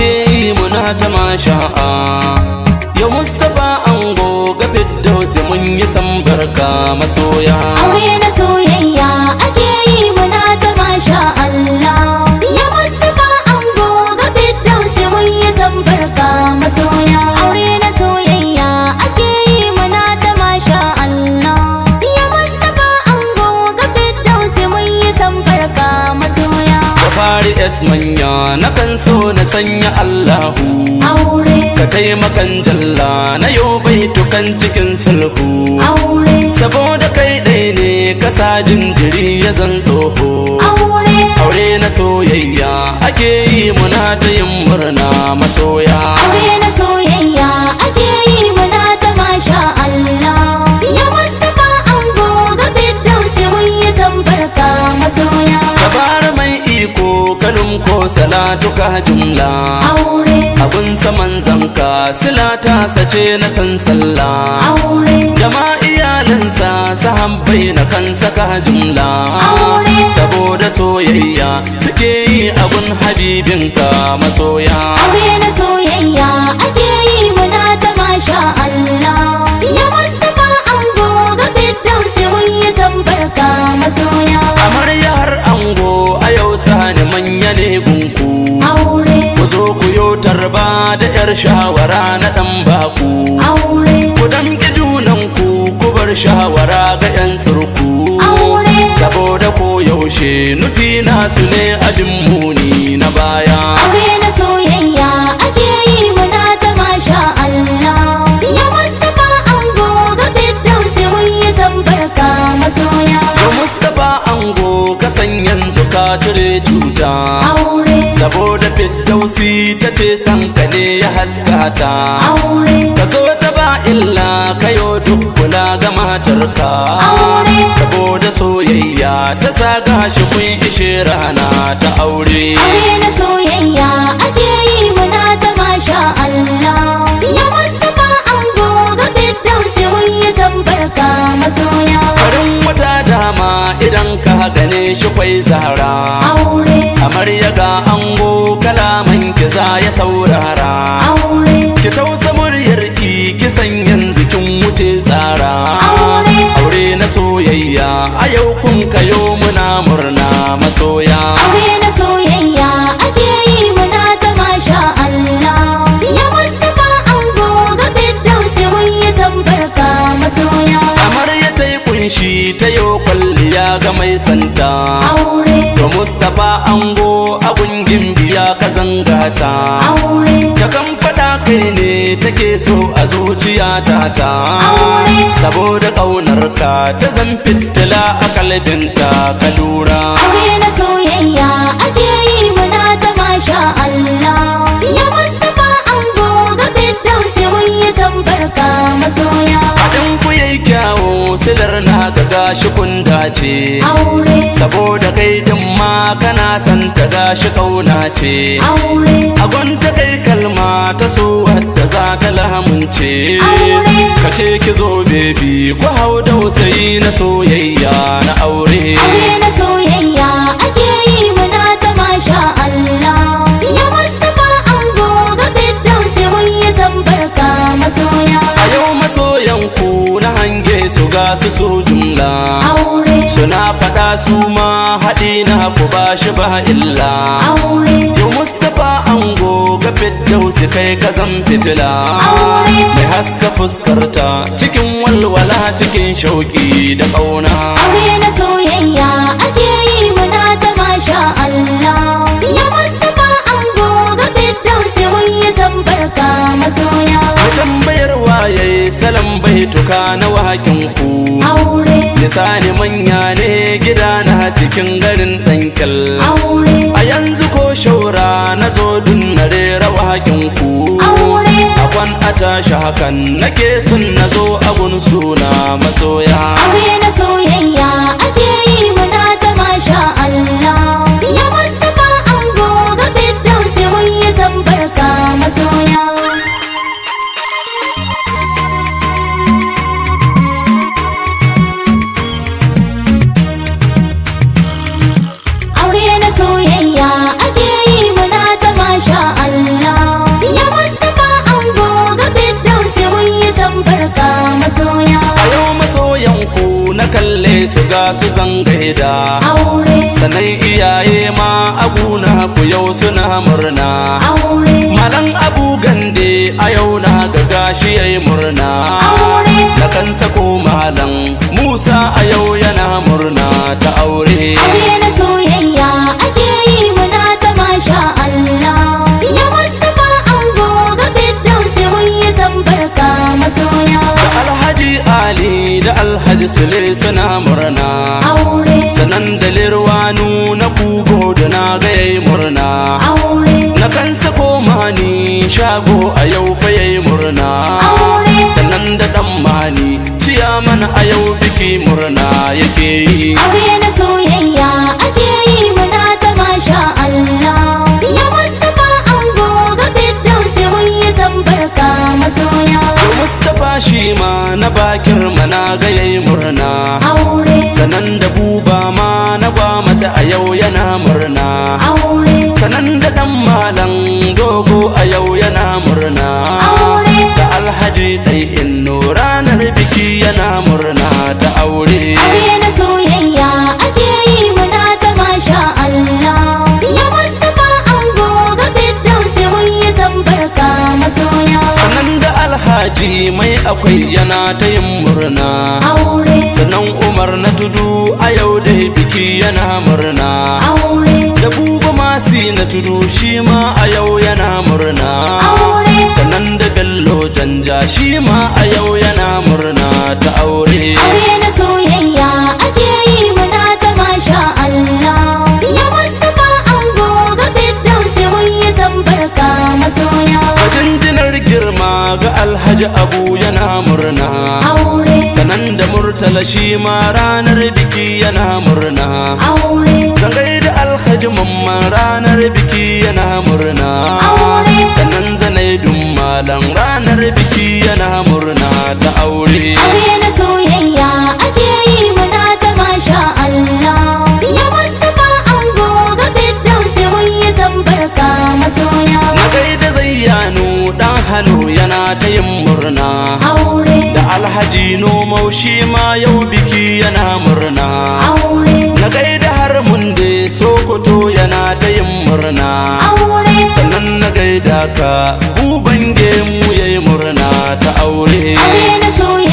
ake muna ta masha'a yau mustapha an goga fiddausi mun yi sambarka masoya aure na soyayya ake yi muna ta masha Allah ya mustapha an goga fiddausi mun yi sambarka masoya aure na soyayya ake yi muna ta masha Allah ya mustapha an goga fiddausi mun yi sambarka masoya fari es manya na kan so na sanya Allahu ka makan jalla na yau tukan cikin sulhu saboda kai ɗai ne ka sa jinjiri ya zan tsoho aure na soyayya ake yi muna ta yin murna masoya salatuka jumla abun saman zanka sila ta sace na san sallah jama iyalinsa sahabbai na kan saka jumla saboda soyayya suke yi abun habibinka masoya aure na soyayya ake yi muna ta masha Allah ya mun yi san barka masoya amarya yar shawara na ɗan baku ku damƙi junan ku ku bar shawara ga yan surku saboda ko yaushe nufi nasu ne abin muni na baya shamsi ta ce san ka ne ya haska ta ka so ta ba illa kayo duk kula ga matarka saboda soyayya ta sa gashi kun ishe rana ta aure aure na soyayya ake yi muna ta masha Allah can barka masoya farin wata dama idan ka gane shi kwai zara aure kamar ya ga ango kalaman kiza ya saurara aure ki tausa muryar ki kisan yanzu kin wuce zara aure mai santa ga mustapha ango abun gimbiya ka zanga ta kan fada kai ne take so a zuciya ta ta saboda kaunar ka ta zan fitila a kalbinta ka lura aure na soyayya ake yi muna ta masha Allah ya mustapha ango ga fitausi mun yi san barka masoya adin ku yayi kyawo silar na ga gashi kun ce saboda kai din ma kana san ta gashi kauna ce a ta kai kalma ta so wadda za ta lahamunce ka ce ki zo bebi ku hau dausayi na soyayya na aure aure na soyayya ake yi mana ta masha Allah suna faɗa su ma haɗi na ku ba shi ba illa yo mustapha an goga su kai zan fitila mai haska fuskarta cikin walwala cikin shauki da ƙauna aure na soyayya ake yi muna ta masha masoya tambayar waye salam bai tuka na wahakin ku aure misali manya ne gida na cikin garin dankal aure a yanzu ko shaura na zo dun na rera wahakin ku aure akwan a tashi hakan nake sun na zo abun suna masoya na soyayya ake su zan gaida sanai iyaye ma na ku yau suna murna malan abu gande a yau na ga gashi yayi murna na kan sako malan musa a yau yana murna ta aure ake na soyayya ake yi muna ta masha Allah Alhaji Sule suna murna. Sanan da na kugo da na gaya murna. Na kan sako mani shago a yau fa yayi murna. Sanan da dan mani ciya mana a yau biki murna yake yi. fashi ma na bakir na ga yayi murna sanan da buba ma na ba mata a yau yana murna sanan da dan malam dogo a yau yana murna da alhaji dai in ranar biki yana murna da aure ji mai akwai yana ta yin murna sannan umar na tudu a yau da biki yana murna da buba masi na tudu shi ma a yau yana murna sannan da bello janja shi ma a yau yana murna ta aure alhaji abu yana murna sanan da murtala shi ma ranar biki yana murna zangai da alhaji Mamma ranar biki yana murna sanan zanaidun malam ranar biki yana murna ta aure shi ma yau biki yana murna na gaida har mun da sokoto yana ta yin murna sannan na gaida ka buban gemu yayi murna ta aure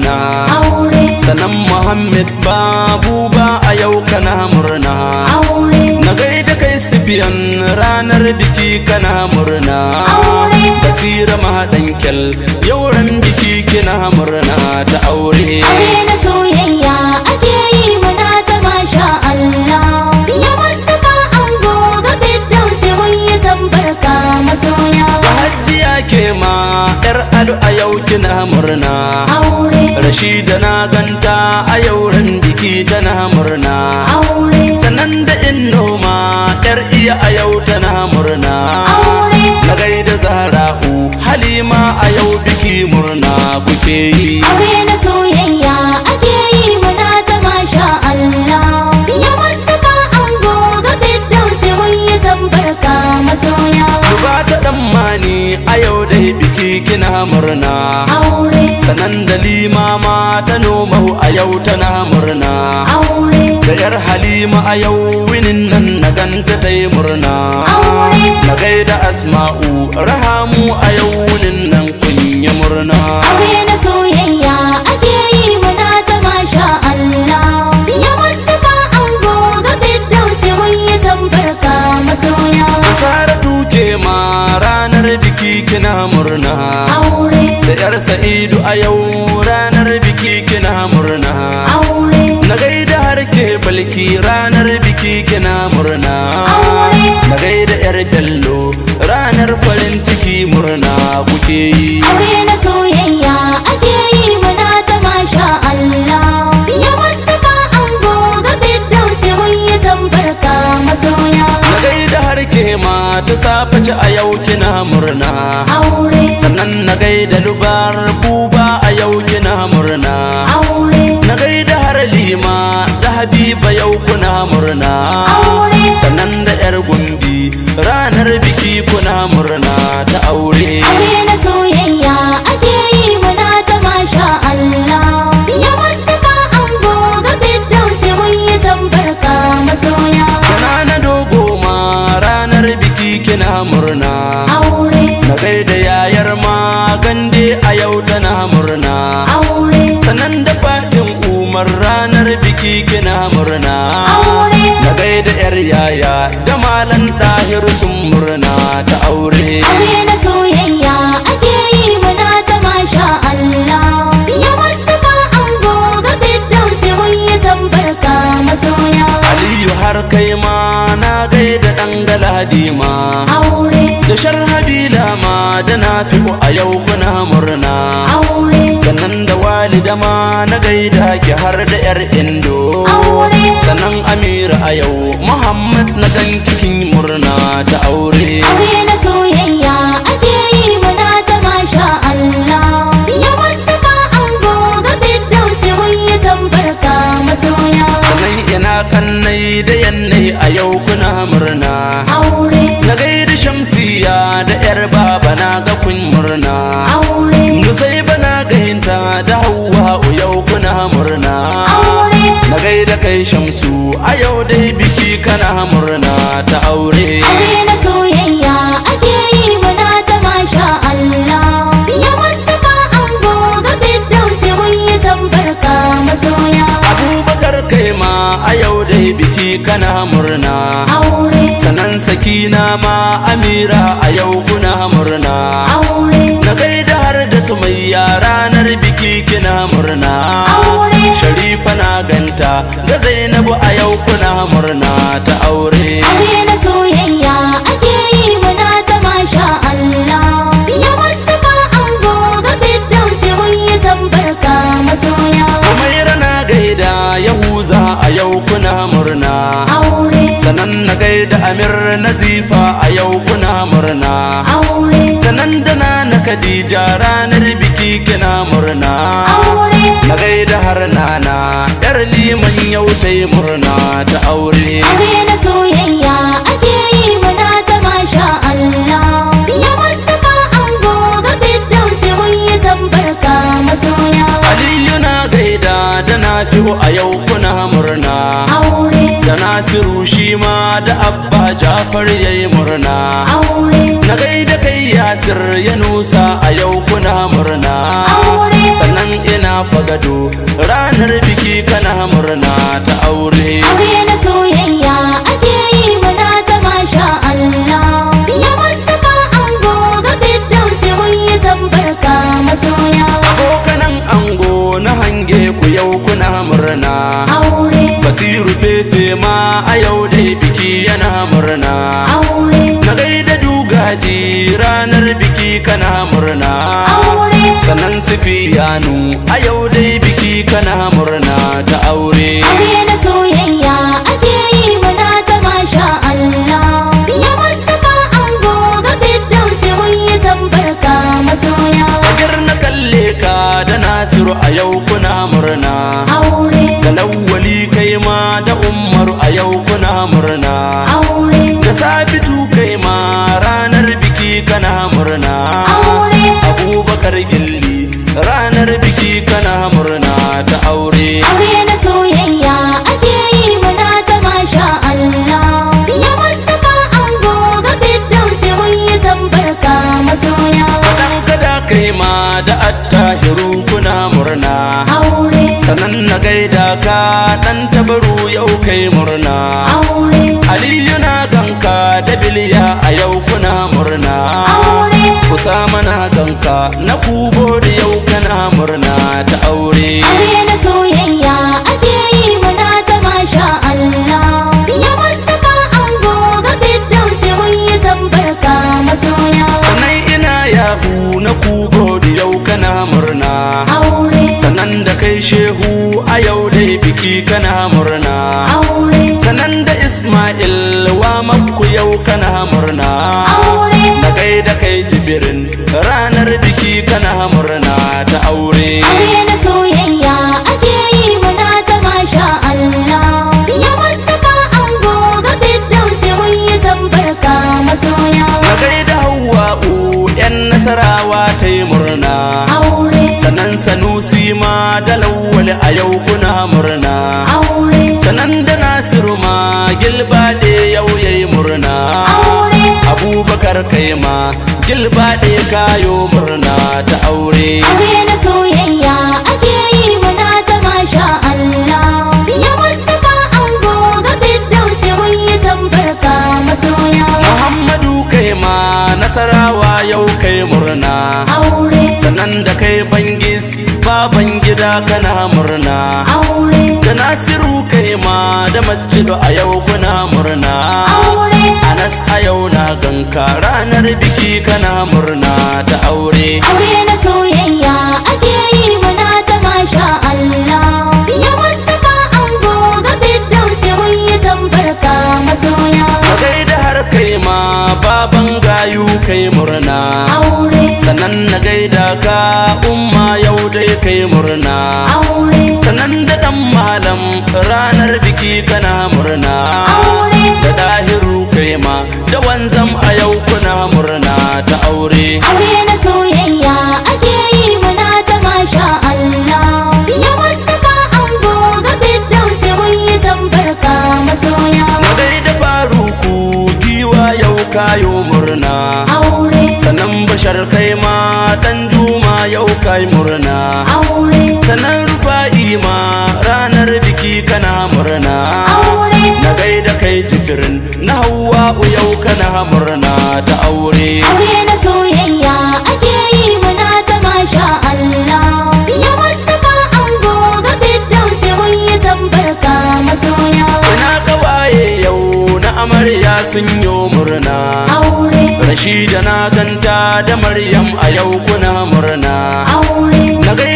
murna sanan muhammed babu ba a yau kana murna na gaida kai sifiyan ranar biki kana murna kasira mahaɗan kyal yau ran biki kina murna ta aure aure na soyayya ake yi muna ta masha Allah ya mustapha an goga fit dausi mun yi san masoya ke ma yar ado a yau kina murna rashida na ganta a yau ran biki tana murna sanan da in noma yar iya a yau tana murna na gaida zara'u halima a yau biki murna kuke yi nan dalima ma ta nomau a yau tana murna da yar halima a yau winin nan na ganta ta yi murna na gaida asma'u rahamu a yau winin nan kun murna Matar Sa'idu a yau ranar biki kina murna. Na gaida har balki ranar biki kina murna. Na gaida yar ranar farin ciki murna kuke yi. Aure na soyayya ake yi muna ta masha Allah. Ya Mustapha Ango ga Firdausi mun yi zambarka masoya. Na gaida har ma ta safaci a yau kina murna. nan na gaida lubar aure na soyayya ake yi muna ta masha Allah ya Mustafa ango ga Firdausi mun yi san barka Aliyu har kai ma na gaida dan galadi ma dashar habila ma da nafi'u a yau kuna murna sanan sannan da walida ma na gaida ki har da yar indo sanan sannan amin Munir a yau Muhammad na dan kikin murna ta aure Aure na soyayya ake yi muna ta masha Allah Ya Mustapha Ango ga Firdausi mun yi san barka masoya Sanai yana kannai da yannai a yau kuna murna Aure Na gaida Shamsiya da yar baba na ga kun murna Aure sai bana gainta da Hauwa yau kuna murna Aure Na gaida kai Shamsu a yau dai biki kana murna ta aure aure na soyayya ake yi muna ta masha Allah ya Mustafa an goga fiddausi mun yi sambarka masoya Abubakar kai ma a yau dai biki kana murna aure sanan sakina ma Amira kuna murna ta aure aure na soyayya ake yi muna ta masha Allah ya Mustafa an goga fiddausi mun yi zambarka masoya Umaira na gaida Yahuza a yau kuna murna aure sanan na gaida Amir Nazifa a yau kuna murna aure sanan da na Khadija kamar liman yau ta yi murna ta aure aure na soyayya ake yi muna ta masha Allah ya ba an goga fiddausi mun yi zambarka masoya aliyu na gaida da na fiho a yau kuna murna aure da nasiru shi ma da abba jafar ya yi murna aure na gaida kai yasir ya nusa a yau kuna murna aure fa fagado ranar biki kana murna ta aure aure na soyayya ake yi muna ta masha Allah ya mustafa ango ga fiddausi mun yi zambarka masoya abokanan ango na hange ku yau kuna murna aure basiru fefe ma a yau da biki yana murna aure na gaida dugaji ranar biki kana murna aure sanan sufiyanu a yau dai biki kana murna ta aure aure na soyayya ake yi muna ta masha Allah ya Mustapha an goga fiddausi mun yi sambarka masoya sagir na kalle ka da Nasiru a yau kuna murna aure da lawwali kai ma da Umaru a yau kuna murna aure da nan na gaida ka dan tabaru yau kai murna aliyu na ganka da biliya a yau kuna murna kusa mana ganka na kubo da yau kana murna ta aure ma gilba ɗe kayo murna ta aure aure na soyayya ake yi muna ta masha Allah ya mustaka ango ga fiddausi mun yi sambarka masoya Muhammadu kai ma nasarawa yau kai murna aure sannan da kai bangis baban gida kana murna aure da Nasiru ma da macido a yau kuna murna anas a yau na ganka ranar biki kana murna ta aure aure na soyayya ake yi muna ta masha Allah ya mustaka an goga sai mun yi zambarka masoya kai da har kai ma baban gayu kai murna aure sannan na gaida ka umma yau dai kai murna aure sannan da dan now. kana murna ta aure aure na soyayya ake yi muna ta masha Allah ya Mustafa an goga sai mun yi san barka masoya ina kawaye yau na amarya sun yo murna aure Rashida na ganta da Maryam a yau kuna murna aure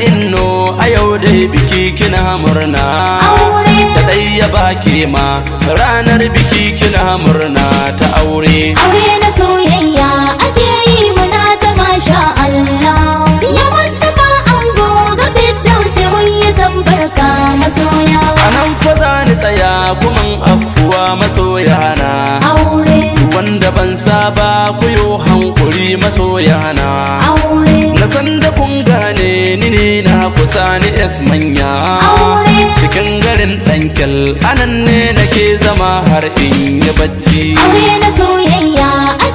inno a yau dai biki kina murna da dai ya baki ma ranar biki kina murna ta aure aure na soyayya ake yi muna ta masha Allah ya mustafa an goga sai mun yi san masoya anan fa za ni tsaya kuma afuwa na, aure wanda ban saba ku yo hankuri na. tilas manya cikin garin ɗankyal anan ne nake zama har in yi bacci aure na soyayya